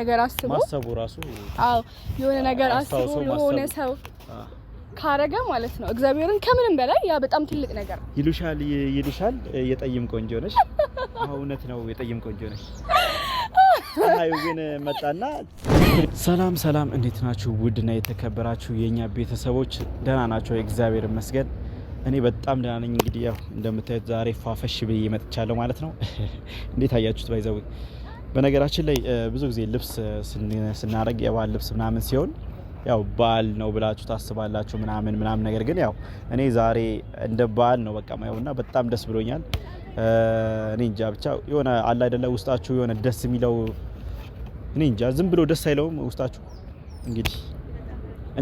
ነገር አስቦ ማሰቡ ራሱ አዎ የሆነ ነገር አስቦ የሆነ ሰው ካረገ ማለት ነው እግዚአብሔርን ከምንም በላይ ያ በጣም ትልቅ ነገር ይሉሻል ይሉሻል የጠይም ቆንጆ ነሽ። እውነት ነው የጠይም ቆንጆ ነሽ። አዩ ግን መጣና ሰላም ሰላም፣ እንዴት ናችሁ? ውድና የተከበራችሁ የኛ ቤተሰቦች ደህና ናቸው? እግዚአብሔር ይመስገን እኔ በጣም ደህና ነኝ። እንግዲህ ያው እንደምታዩት ዛሬ ፏፈሽ ብዬ መጥቻለሁ ማለት ነው። እንዴት አያችሁት? ባይዘው በነገራችን ላይ ብዙ ጊዜ ልብስ ስናደርግ የባህል ልብስ ምናምን ሲሆን ያው በዓል ነው ብላችሁ ታስባላችሁ ምናምን ምናምን። ነገር ግን ያው እኔ ዛሬ እንደ በዓል ነው በቃ ማየውና በጣም ደስ ብሎኛል። እኔ እንጃ ብቻ የሆነ አለ አይደለ ውስጣችሁ የሆነ ደስ የሚለው እኔ እንጃ ዝም ብሎ ደስ አይለውም ውስጣችሁ። እንግዲህ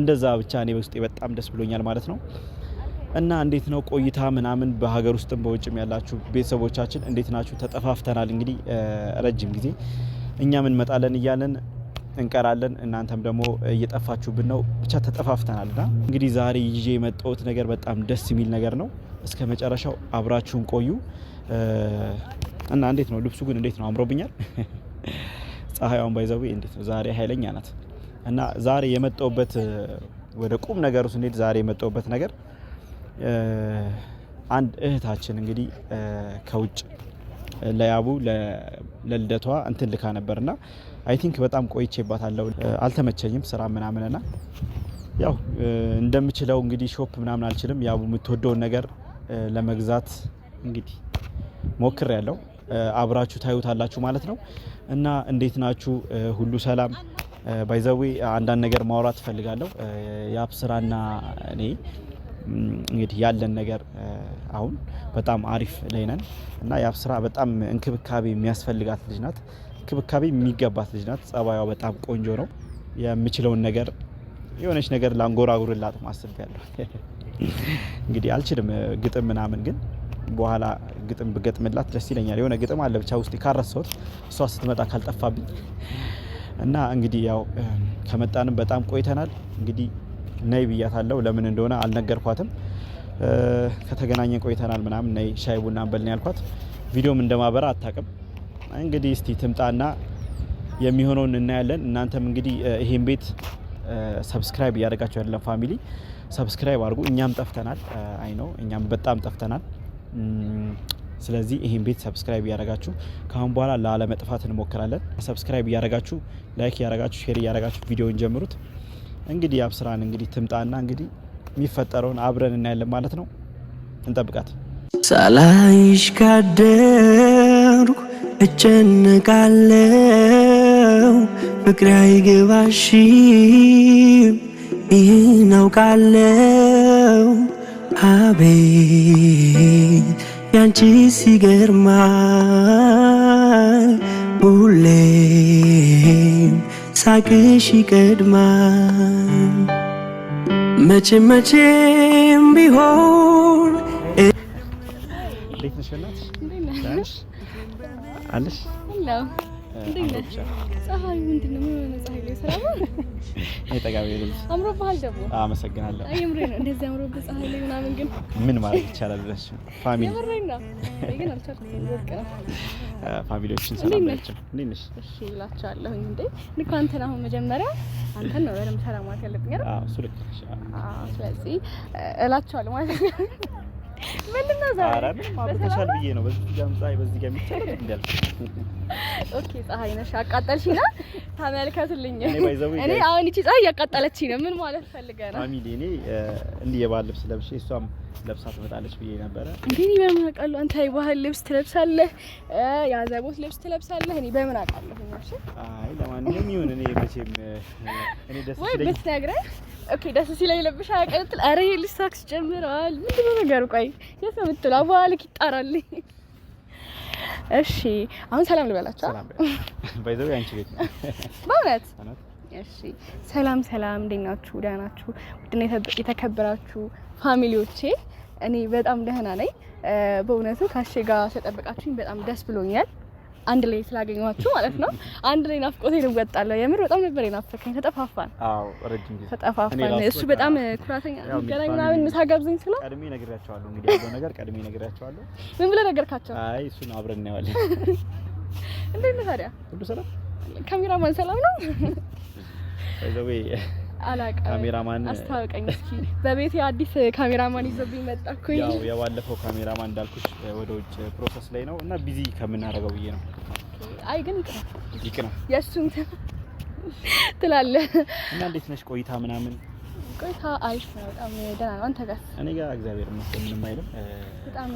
እንደዛ ብቻ እኔ ውስጤ በጣም ደስ ብሎኛል ማለት ነው። እና እንዴት ነው ቆይታ ምናምን በሀገር ውስጥም በውጭም ያላችሁ ቤተሰቦቻችን እንዴት ናችሁ? ተጠፋፍተናል። እንግዲህ ረጅም ጊዜ እኛም እንመጣለን እያለን እንቀራለን፣ እናንተም ደግሞ እየጠፋችሁብን ነው። ብቻ ተጠፋፍተናል እና እንግዲህ ዛሬ ይዤ የመጣሁት ነገር በጣም ደስ የሚል ነገር ነው። እስከ መጨረሻው አብራችሁን ቆዩ እና እንዴት ነው ልብሱ ግን እንዴት ነው አምሮብኛል። ፀሐይዋን ባይዘዊ እንዴት ነው ዛሬ ኃይለኛ ናት። እና ዛሬ የመጣሁበት ወደ ቁም ነገሩ ስንሄድ ዛሬ የመጣሁበት ነገር አንድ እህታችን እንግዲህ ከውጭ ለያቡ ለልደቷ እንትን ልካ ነበርና አይ ቲንክ በጣም ቆይቼባታለሁ። አልተመቸኝም ስራ ምናምንና ያው እንደምችለው እንግዲህ ሾፕ ምናምን አልችልም። ያቡ የምትወደውን ነገር ለመግዛት እንግዲህ ሞክር ያለው አብራችሁ ታዩታላችሁ ማለት ነው። እና እንዴት ናችሁ? ሁሉ ሰላም ባይዘዌ አንዳንድ ነገር ማውራት እፈልጋለሁ። የአብ ስራና እኔ እንግዲህ ያለን ነገር አሁን በጣም አሪፍ ላይ ነን እና የአብስራ በጣም እንክብካቤ የሚያስፈልጋት ልጅ ናት። እንክብካቤ የሚገባት ልጅ ናት። ጸባዩ በጣም ቆንጆ ነው። የምችለውን ነገር የሆነች ነገር ላንጎራጉርላት ማስብ ያለሁ እንግዲህ አልችልም ግጥም ምናምን ግን በኋላ ግጥም ብገጥምላት ደስ ይለኛል። የሆነ ግጥም አለ ብቻ ውስጥ ካረሰውት እሷ ስትመጣ ካልጠፋብኝ እና እንግዲህ ያው ከመጣንም በጣም ቆይተናል እንግዲህ ነይ ብያታለሁ። ለምን እንደሆነ አልነገርኳትም። ከተገናኘን ቆይተናል ምናምን ነይ ሻይ ቡና እንበልን ያልኳት ቪዲዮም እንደማበራ አታቅም። እንግዲህ እስቲ ትምጣና የሚሆነውን እናያለን። እናንተም እንግዲህ ይሄን ቤት ሰብስክራይብ እያደረጋችሁ ያለን ፋሚሊ ሰብስክራይብ አድርጉ። እኛም ጠፍተናል፣ አይ ነው እኛም በጣም ጠፍተናል። ስለዚህ ይህን ቤት ሰብስክራይብ እያደረጋችሁ ካሁን በኋላ ላለመጥፋት እንሞክራለን። ሰብስክራይብ እያደረጋችሁ ላይክ እያደረጋችሁ ሼር እያደረጋችሁ ቪዲዮን ጀምሩት። እንግዲህ አብስራን እንግዲህ ትምጣና እንግዲህ የሚፈጠረውን አብረን እናያለን ማለት ነው። እንጠብቃት። ሳላይሽ ካደርኩ እጨነቃለው፣ ፍቅሬ አይገባሽም፣ ይህን አውቃለው። አቤት ያንቺ ሲገርማል ሁሌም ሳቅሽ ይቀድማል መቼም መቼም ቢሆን አለሽ የጠቃሚ ልጅ አምሮብሃል ደግሞ። አመሰግናለሁ። የምሬን ነው። እንደዚህ አምሮብህ ፀሐይ ላይ ምናምን ግን ምን ማለት ይቻላል። እሺ ፋሚሊ ፋሚሊዎችን ሰላም እንዴት ነሽ? እሺ እላቸዋለሁ። እንዴ ልክ አንተን አሁን መጀመሪያ አንተን ነው በደምብ ሰላም ማለት ያለብኝ ስለዚህ እላቸዋለሁ ማለት ነው ምንድነው ዛሬ አብርተሻል ብዬ ነው። በዚህ ጋም ፀሐይ፣ በዚህ ጋም ይቻላል እንዳል ኦኬ፣ ፀሐይ ነሽ አቃጠልሽኝ ነው። ተመልከትልኝ። እኔ አሁን እቺ ፀሐይ ያቃጠለችኝ ነው። ምን ማለት ፈልገ ነው? ፋሚሊ እኔ እንዲህ የባህል ልብስ ለብሼ እሷም ለብሳ ትመጣለች ብዬ ነበረ። እንግዲህ በምን አውቃለሁ? አንተ የባህል ልብስ ትለብሳለህ፣ የአዘቦት ልብስ ትለብሳለህ። እኔ በምን አውቃለሁ? አይ ለማንኛውም ይሁን። እኔ መቼም እኔ ደስ ይለኛል ወይ ብትነግረኝ ኦኬ ደስ ሲል ለብሻ ያቀጥል። አረ የልጅ ሳክስ ጀምረዋል። ምንድን ነው ነገሩ? ቆይ የት ነው የምትውለው? አቧልክ ይጣራል። እሺ አሁን ሰላም ልበላችሁ። ባይዘው አንቺ ቤት ነው በእውነት። እሺ ሰላም ሰላም፣ እንዴት ናችሁ? ደህና ናችሁ? ውድና የተከበራችሁ ፋሚሊዎቼ እኔ በጣም ደህና ነኝ። በእውነቱ ካሼ ጋር ተጠብቃችሁኝ በጣም ደስ ብሎኛል። አንድ ላይ ስላገኘኋችሁ ማለት ነው። አንድ ላይ ናፍቆቴ ልወጣለሁ። የምር በጣም ነበር የናፈቀኝ። ተጠፋፋን። አዎ ረጅም ጊዜ ተጠፋፋን። እሱ በጣም ኩራተኛ ገናኝ ምናምን ምሳ ጋብዘኝ ስለው ቀድሜ ነግሬያቸዋለሁ። እንግዲህ ያለው ነገር ቀድሜ ነግሬያቸዋለሁ። ምን ብለህ ነገርካቸው? አይ እሱን አብረን እናየዋለን። እንዴት ታዲያ? ሁሉ ሰላም? ካሜራማን ሰላም ነው? ካሜራማን አስታውቀኝ እስኪ። በቤት አዲስ ካሜራማን ይዞብኝ መጣኩኝ። ያው የባለፈው ካሜራማን እንዳልኩሽ ወደ ውጭ ፕሮሰስ ላይ ነው እና ቢዚ ከምናደርገው ብዬ ነው። አይ ግን ይቅና የእሱን እና እንዴት ነሽ? ቆይታ ምናምን ቆይታ አሪፍ ነው፣ በጣም ደህና ነው። አንተ ጋር? እኔ ጋር እግዚአብሔር ይመስገን ምንም አይልም። በጣም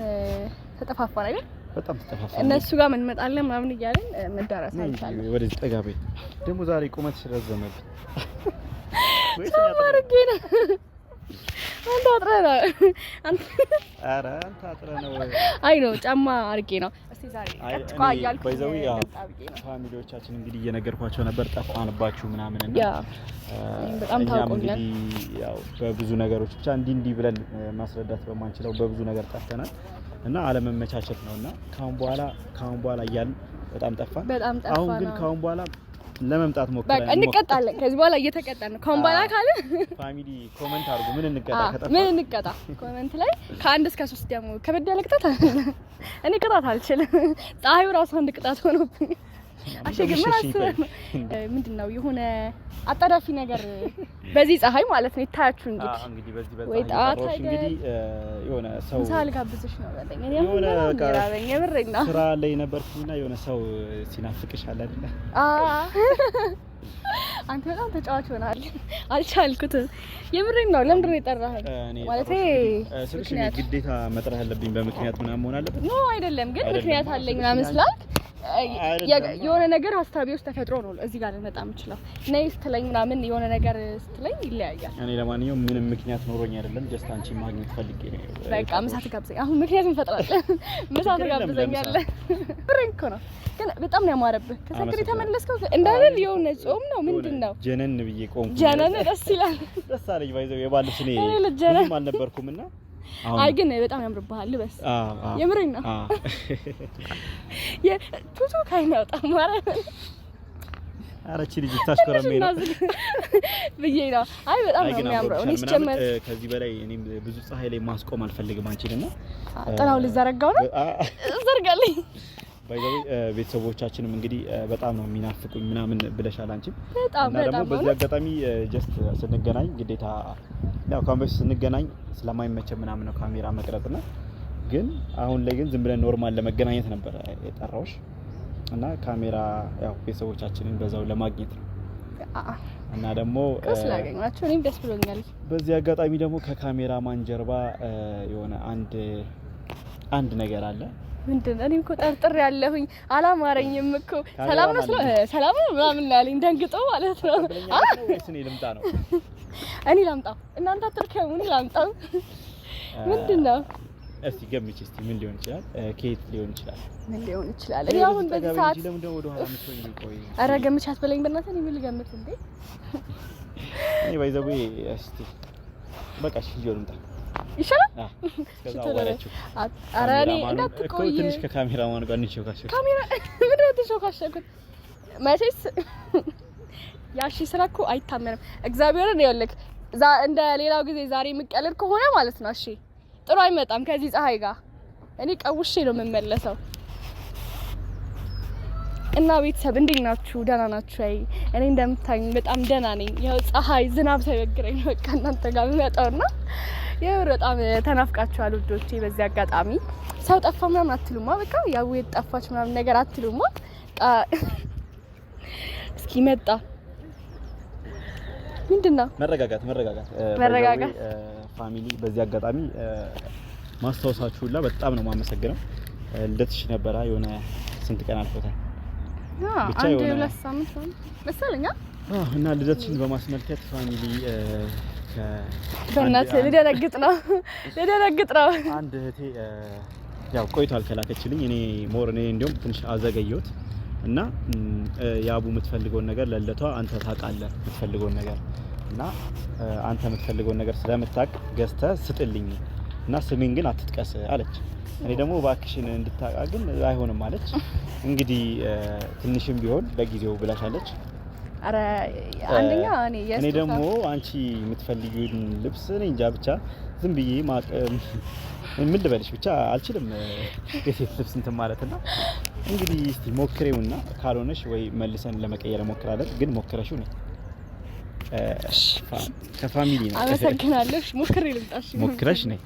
በጣም ተጠፋፋ እነሱ ጋር ምን መጣለን ምናምን እያለን መዳረስ አይቻልም። ወደዚህ ጠጋ በይ። ደግሞ ዛሬ ቁመት ስለረዘመብኝ ታማርጌ ነው። አንተ አጥረህ ነው። ኧረ አንተ አጥረህ ነው። አይ ነው ጫማ አርጌ ነው። እስቲ ዛሬ ቀጥታ እያልኩ ፋሚሊዎቻችን እንግዲህ እየነገርኳቸው ነበር፣ ጠፋንባችሁ ምናምን እና በጣም ታውቆኛል። ያው በብዙ ነገሮች ብቻ እንዲህ እንዲህ ብለን ማስረዳት በማንችለው በብዙ ነገር ጠፍተናል። እና አለመመቻቸት ነው እና ካሁን በኋላ ካሁን በኋላ እያልን በጣም ጠፋ በጣም ጠፋ። አሁን ግን ካሁን በኋላ ለመምጣት ሞክረን እንቀጣለን። ከዚህ በኋላ እየተቀጣን ነው። ካሁን በኋላ ካለ ፋሚሊ ኮመንት አድርጉ። ምን እንቀጣ ከጠፋ ምን እንቀጣ ኮመንት ላይ ከአንድ እስከ ሶስት ደግሞ ከበድ ያለ ቅጣት እኔ ቅጣት አልችልም። ፀሐዩ ራሱ አንድ ቅጣት ሆኖብኝ አሸገ ምንድን ነው የሆነ አጣዳፊ ነገር በዚህ ፀሐይ ማለት ነው። ይታያችሁ እንግዲህ የሆነ ሰው ሲናፍቅሽ አለ አይደለ? አንተ በጣም ተጫዋች ሆናል። አልቻልኩትም። የምሬን ነው። ለምንድን ነው የጠራኸኝ? ማለት ስልሽ ግዴታ መጥራት አለብኝ በምክንያት ምናምን መሆን አለበት? ኖ አይደለም፣ ግን ምክንያት አለኝ ምናምን ስላልክ የሆነ ነገር ሀሳቤ ውስጥ ተፈጥሮ ነው እዚህ ጋር ልመጣ የምችለው። ነይ ስትለኝ ምናምን የሆነ ነገር ስትለኝ ይለያያል። እኔ ለማንኛውም ምንም ምክንያት ኖሮኝ አይደለም፣ ጀስት አንቺን ማግኘት ፈልጌ ነው። በቃ ምሳ ትጋብዘኝ። አሁን ምክንያት እንፈጥራለን። ምሳ ትጋብዘኛለህ። ብሬን እኮ ነው፣ ግን በጣም ነው ያማረብህ። ከሰክር የተመለስከው እንዳለን የሆነ ጾም ነው ምንድን ነው? ጀነን ብዬ ቆምኩ። ጀነን ደስ ይላል። ደስ አለኝ። ባይዘው የባልሽ እኔ ብዙም አልነበርኩም እና አይ ግን በጣም ያምርብሃል። ልበስ። የምሬን ነው። የቱቱ ካይና በጣም ማለት አረቺ ልጅ ታሽከረም ነው ብዬ ነው። አይ በጣም ነው የሚያምረው። እኔ ሲጀመር ከዚህ በላይ እኔም ብዙ ፀሐይ ላይ ማስቆም አልፈልግም። አንቺ ደግሞ ጥላው ልዘረጋው ነው ዘርጋልኝ። ባይዘዌ ቤተሰቦቻችንም እንግዲህ በጣም ነው የሚናፍቁኝ ምናምን ብለሻል አንቺ። በጣም በጣም ደግሞ በዚህ አጋጣሚ ጀስት ስንገናኝ ግዴታ ያው ካምበሽ ስንገናኝ ስለማይመቸ ምናምን ነው ካሜራ መቅረጽ ነው። ግን አሁን ላይ ግን ዝም ብለን ኖርማል ለመገናኘት ነበር የጠራዎች እና ካሜራ ያው ቤተሰቦቻችንን በዛው ለማግኘት ነው እና ደግሞ ስላገኛችሁ እኔም ደስ ብሎኛል። በዚህ አጋጣሚ ደግሞ ማን ጀርባ የሆነ አንድ አንድ ነገር አለ። ምንድን ነው? እኔ እኮ ጠርጥር ያለሁኝ አላማረኝም እኮ ሰላም ነው ሰላም ነው ምናምን ያለኝ ደንግጦ ማለት ነው። ልምጣ ነው እኔ ላምጣው፣ እናንተ አትርከሙ፣ እኔ ላምጣው። ምንድን ነው እስቲ ገምቼ እስቲ ምን ሊሆን ይችላል? ከየት ሊሆን ይችላል? ምን ሊሆን ይችላል? እኔ አሁን በዚህ ሰዓት ለምን ደው ወደ ኋላ ምትሆኝ ኧረ ገምቼ አትበለኝ በእናትህ። እኔ ምን ልገምት እንዴ? እኔ ባይዘው እስቲ በቃ እሺ፣ ሊሆን ምጣ ይሻላል። ኧረ እኔ እንዳትቆይ ትንሽ ከካሜራማን ጋር እንሸካሸክ። ካሜራ ምንድን ነው ትንሽ ካሸኩት መቼስ ያሺ ስራ እኮ አይታመንም። እግዚአብሔርን ዛ እንደ ሌላው ጊዜ ዛሬ የምቀልድ ከሆነ ማለት ነው እሺ፣ ጥሩ አይመጣም ከዚህ ፀሐይ ጋር እኔ ቀውሼ ነው የምመለሰው። እና ቤተሰብ እንዴት ናችሁ? ደህና ናችሁ? አይ እኔ እንደምታኝ በጣም ደህና ነኝ። ያው ፀሐይ ዝናብ ሳይበግረኝ ነው በቃ እናንተ ጋር የምመጣውና የምር በጣም ተናፍቃችኋል ውዶቼ። በዚህ አጋጣሚ ሰው ጠፋ ምናምን አትሉማ፣ በቃ ያው የት ምናምን ነገር አትሉማ። እስኪ መጣ ምንድን ነው? መረጋጋት መረጋጋት መረጋጋት። ፋሚሊ በዚህ አጋጣሚ ማስታወሳችሁላ በጣም ነው የማመሰግነው። ልደትሽ ነበረ የሆነ ስንት ቀን አልፎታል ብቻ የሆነ ሁለት ሳምንት መሰለኝ እና ልደትሽን በማስመልከት ፋሚሊ በእናት ልደነግጥ ነው ልደነግጥ ነው። አንድ እህቴ ያው ቆይቷል ከላከችልኝ። እኔ ሞር እኔ እንዲያውም ትንሽ አዘገየሁት እና የአቡ የምትፈልገውን ነገር ለልደቷ አንተ ታውቃለህ የምትፈልገውን ነገር እና አንተ የምትፈልገውን ነገር ስለምታቅ ገዝተህ ስጥልኝ እና ስሜን ግን አትጥቀስ አለች። እኔ ደግሞ እባክሽን እንድታውቃ ግን አይሆንም አለች። እንግዲህ ትንሽም ቢሆን ለጊዜው ብላሻለች። አንደኛ እኔ ደግሞ አንቺ የምትፈልጊውን ልብስ እኔ እንጃ ብቻ ዝም ብዬ ምን ልበልሽ ብቻ አልችልም የሴት ልብስ እንትን ማለት ና እንግዲህ እስቲ ሞክሬውና ካልሆነሽ ወይ መልሰን ለመቀየር ሞክራለን። ግን ሞክረሽው ነው ከፋሚሊ ነው። አመሰግናለሁ። ሞክሬ ልምጣሽ። ሞክረሽ ነይ።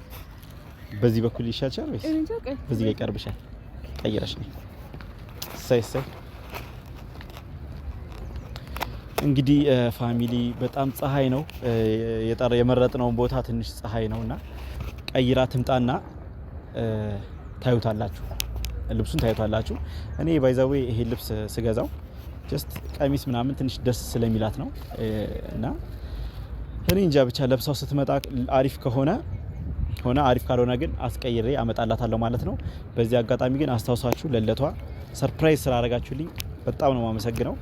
በዚህ በኩል ይሻልሻል ወይስ በዚህ ይቀርብሻል? ቀይረሽ ነይ። እሰይ እሰይ እንግዲህ ፋሚሊ በጣም ፀሐይ ነው የመረጥነውን ቦታ ትንሽ ፀሐይ ነውና ቀይራ ትምጣና ታዩታላችሁ፣ ልብሱን ታዩታላችሁ። እኔ ባይዛዌ ይሄ ልብስ ስገዛው ጀስት ቀሚስ ምናምን ትንሽ ደስ ስለሚላት ነው እና እኔ እንጃ ብቻ ለብሳው ስትመጣ አሪፍ ከሆነ ሆነ አሪፍ ካልሆነ ግን አስቀይሬ አመጣላታለሁ ማለት ነው። በዚህ አጋጣሚ ግን አስታውሳችሁ ለለቷ ሰርፕራይዝ ስላደረጋችሁልኝ በጣም ነው የማመሰግነው።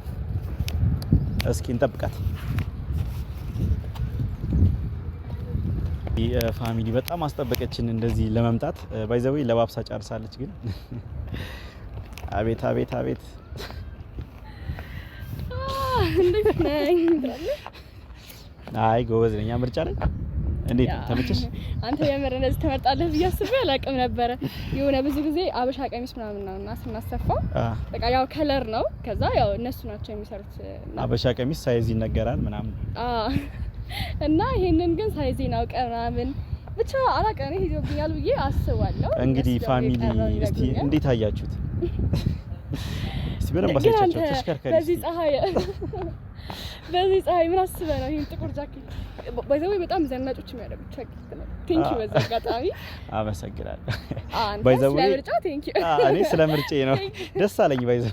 እስኪ እንጠብቃት። ፋሚሊ በጣም አስጠበቀችን እንደዚህ ለመምጣት ባይዘዌ ለባብሳ ጨርሳለች። ግን አቤት አቤት አቤት አይ ጎበዝ ነኝ። ምርጫ ላይ እንዴት ተመቸሽ? አንተ የምር እንደዚህ ትመርጣለህ ብዬ አስቤ አላውቅም ነበረ። የሆነ ብዙ ጊዜ አበሻ ቀሚስ ምናምን ነውና ስናሰፋ በቃ ያው ከለር ነው። ከዛ ያው እነሱ ናቸው የሚሰሩት። አበሻ ቀሚስ ሳይዝ ይነገራል ምናምን እና ይሄንን ግን ሳይዜን አውቀ ምናምን ብቻ አላቀኔ ሄዶብኛል ብዬ አስባለሁ። እንግዲህ ፋሚሊ እስቲ እንዴት አያችሁት? ምንም ባሳቻቸው ተሽከርካሪ በዚህ ፀሐይ በዚህ ፀሐይ ምን አስበህ ነው ይሄን ጥቁር ጃኬት? ባይዘዌ በጣም ዘናጮች የሚያደርጉት ጃኬት ነው። ቴንኪ በዛ አጋጣሚ አመሰግናለሁ። እኔ ስለ ምርጬ ነው ደስ አለኝ። ባይዘ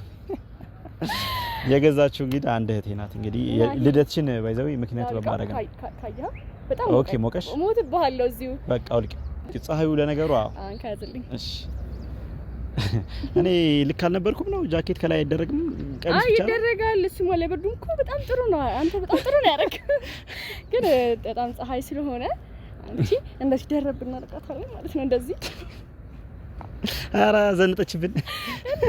የገዛችሁ እንግዲህ አንድ እህቴ ናት። እንግዲህ ልደትሽን ባይዘዊ ምክንያት በማድረግ ነው። ኦኬ ሞቀሽ እሞትብሃለሁ እዚሁ በቃ ውልቅ ፀሐዩ ለነገሩ አዎ እሺ እኔ ልክ አልነበርኩም ነው። ጃኬት ከላይ አይደረግም፣ ቀሚስ ብቻ ይደረጋል። እሱ ሞላ ብርዱም እኮ በጣም ጥሩ ነው። አንተ በጣም ጥሩ ነው ያደረግ ግን በጣም ፀሐይ ስለሆነ አንቺ እንደዚህ ደረብ እናደርጋታለን ማለት ነው። እንደዚህ ኧረ ዘንጠችብን እና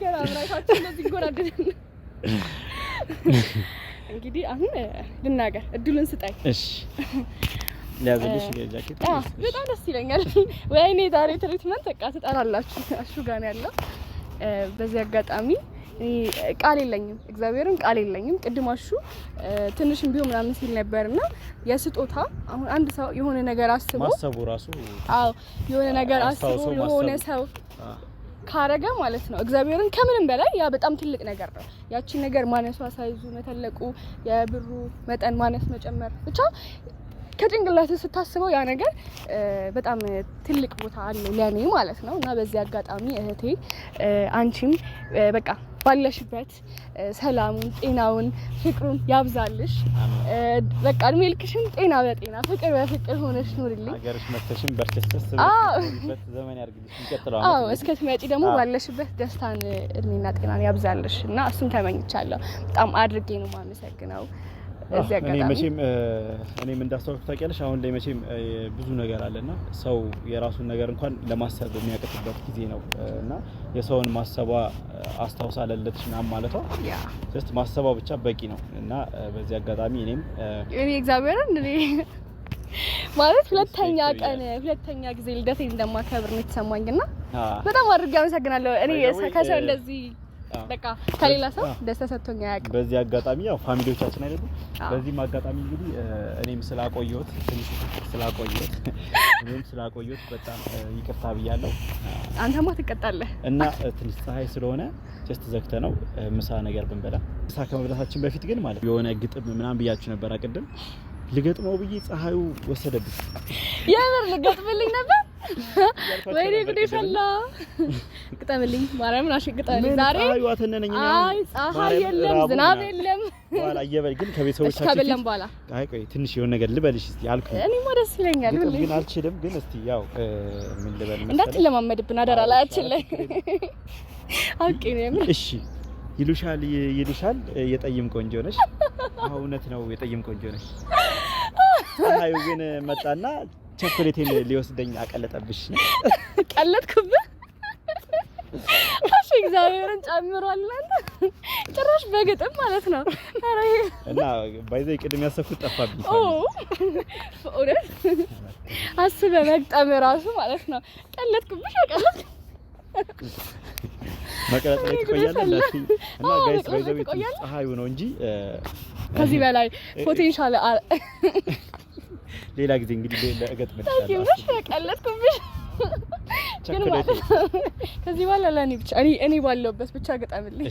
ገና ምራታችን እንደዚህ እንጎራደዳለን። እንግዲህ አሁን ልናገር እድሉን ስጣኝ። እሺ ሊያዘልሽ ጃኬት በጣም ደስ ይለኛል። ወይኔ ዛሬ ትሪትመንት በቃ ትጠራላችሁ። አሹ ጋር ያለው በዚህ አጋጣሚ ቃል የለኝም፣ እግዚአብሔርን ቃል የለኝም። ቅድማሹ ትንሽም ቢሆን ምናምን ሲል ነበር እና የስጦታ አሁን አንድ ሰው የሆነ ነገር አስቦ ማሰቡ ራሱ አዎ፣ የሆነ ነገር አስቦ የሆነ ሰው ካረገ ማለት ነው እግዚአብሔርን ከምንም በላይ ያ በጣም ትልቅ ነገር ነው። ያቺን ነገር ማነሷ፣ ሳይዙ መተለቁ፣ የብሩ መጠን ማነስ መጨመር ብቻ ከጭንቅላት ስታስበው ያ ነገር በጣም ትልቅ ቦታ አለው ለኔ ማለት ነው እና በዚህ አጋጣሚ እህቴ አንቺም በቃ ባለሽበት ሰላሙን፣ ጤናውን፣ ፍቅሩን ያብዛልሽ። በቃ እድሜ ልክሽን ጤና በጤና ፍቅር በፍቅር ሆነሽ ኑሪልኝ። ሀገርሽ መተሽም በርቸስተስ በት ዘመን ያርግልሽ። ይቀጥላል። አዎ እስከትመጪ ደግሞ ባለሽበት ደስታን እድሜና ጤናን ያብዛልሽ እና እሱን ተመኝቻለሁ። በጣም አድርጌ ነው የማመሰግነው። እኔ መቼም እኔም እንዳስተዋልኩት ታውቂያለሽ፣ አሁን ላይ መቼም ብዙ ነገር አለና ሰው የራሱን ነገር እንኳን ለማሰብ የሚያቅትበት ጊዜ ነው እና የሰውን ማሰቧ አስታውሳ ለለትሽ ምናምን ማለቷ ጀስት ማሰቧ ብቻ በቂ ነው እና በዚህ አጋጣሚ እኔም እኔ እግዚአብሔርን እኔ ማለት ሁለተኛ ቀን ሁለተኛ ጊዜ ልደቴን እንደማከብር ነው የተሰማኝና በጣም አድርጌ አመሰግናለሁ። እኔ ከሰው እንደዚህ በቃ ከሌላ ሰው ደስ ተሰጥቶኝ አያውቅም። በዚህ አጋጣሚ ያው ፋሚሊዎቻችን አይደሉም። በዚህም አጋጣሚ እንግዲህ እኔም ስላቆየሁት ትንሽ ስላቆየሁት እኔም ስላቆየሁት በጣም ይቅርታ ብያለሁ። አንተማ ትቀጣለህ እና ትንሽ ፀሐይ ስለሆነ ጀስት ዘግተ ነው ምሳ ነገር ብንበላ ምሳ ከመብላታችን በፊት ግን ማለት የሆነ ግጥም ምናምን ብያችሁ ነበር። አቅድም ልገጥመው ብዬ ፀሐዩ ወሰደብኝ። የምር ልገጥምልኝ ነበር ወይኔ ጉዴ ፈላ። ግጠምልኝ ማርያምን አሽግጠምልኝ። ዛሬ አይ ፀሐይ የለም ዝናብ የለም። በኋላ እየበል ግን ከቤተሰቦቻችን ከበላን በኋላ አይ ቆይ ትንሽ የሆነ ነገር ልበልሽ እስቲ አልኩ። እኔማ ደስ ይለኛል ግን አልችልም። ግን እስቲ ያው ምን ልበል መሰለኝ እንዳትለማመድብን አደራ ላይ አችልኝ። አውቄ ነው የምር። እሺ ይሉሻል ይሉሻል የጠይም ቆንጆ ነሽ። እውነት ነው የጠይም ቆንጆ ነሽ። ፀሐዩ ግን መጣና ቸኮሌቴን ሊወስደኝ አቀለጠብሽ። ቀለጥኩብህ? እሺ፣ እግዚአብሔርን ጨምሯል ጭራሽ በግጥም ማለት ነው። ኧረ እና ባይዘ ቅድም ያሰብኩት ጠፋብኝ። እውነት አስበህ መግጠም ራሱ ማለት ነው። ቀለጥኩብሽ። አቀለጥ መቅረጥ ላይ ትቆያለህ እና ጋይስ ባይዘ ፀሐዩ ነው እንጂ ከዚህ በላይ ፖቴንሻል ሌላ ጊዜ እንግዲህ እገጥምልሻለሁ። ቀለድኩብሽ ግን ማለት ከዚህ በኋላ ለእኔ ብቻ እኔ ባለሁበት ብቻ ገጠምልኝ።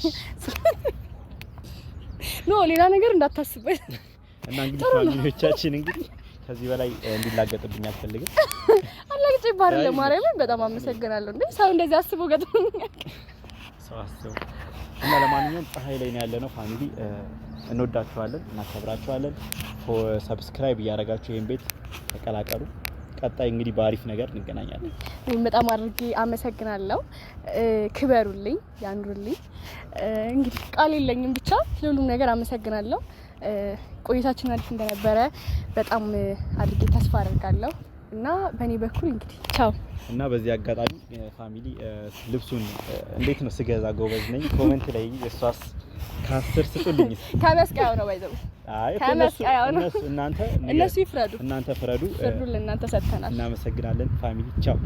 ኖ ሌላ ነገር እንዳታስበኝ እና እንግዲህ ፋሚሊዎቻችን እንግዲህ ከዚህ በላይ እንዲላገጥብኝ አልፈልግም። አላግጭ ይባላል ለማርያም በጣም አመሰግናለሁ። እንዴ ሰው እንደዚህ አስቦ ገጥሞኛል። ሰው አስቦ እና ለማንኛውም ፀሐይ ላይ ነው ያለነው ፋሚሊ እንወዳችኋለን፣ እናከብራችኋለን። ሰብስክራይብ እያደረጋችሁ ይህን ቤት ተቀላቀሉ። ቀጣይ እንግዲህ በአሪፍ ነገር እንገናኛለን። እኔም በጣም አድርጌ አመሰግናለሁ። ክበሩልኝ፣ ያኑርልኝ። እንግዲህ ቃል የለኝም፣ ብቻ ለሁሉም ነገር አመሰግናለሁ። ቆይታችን አሪፍ እንደነበረ በጣም አድርጌ ተስፋ አደርጋለሁ። እና በእኔ በኩል እንግዲህ ቻው። እና በዚህ አጋጣሚ ፋሚሊ ልብሱን እንዴት ነው ስገዛ ጎበዝ ነኝ ኮመንት ላይ እሷስ ከአስር ስጡልኝ። ከመስቀያው ነው ባይዘው ከመስቀያው ነው። እናንተ እነሱ ይፍረዱ፣ እናንተ ፍረዱ። ፍርዱን ለእናንተ ሰጥተናል። እናመሰግናለን ፋሚሊ ቻው።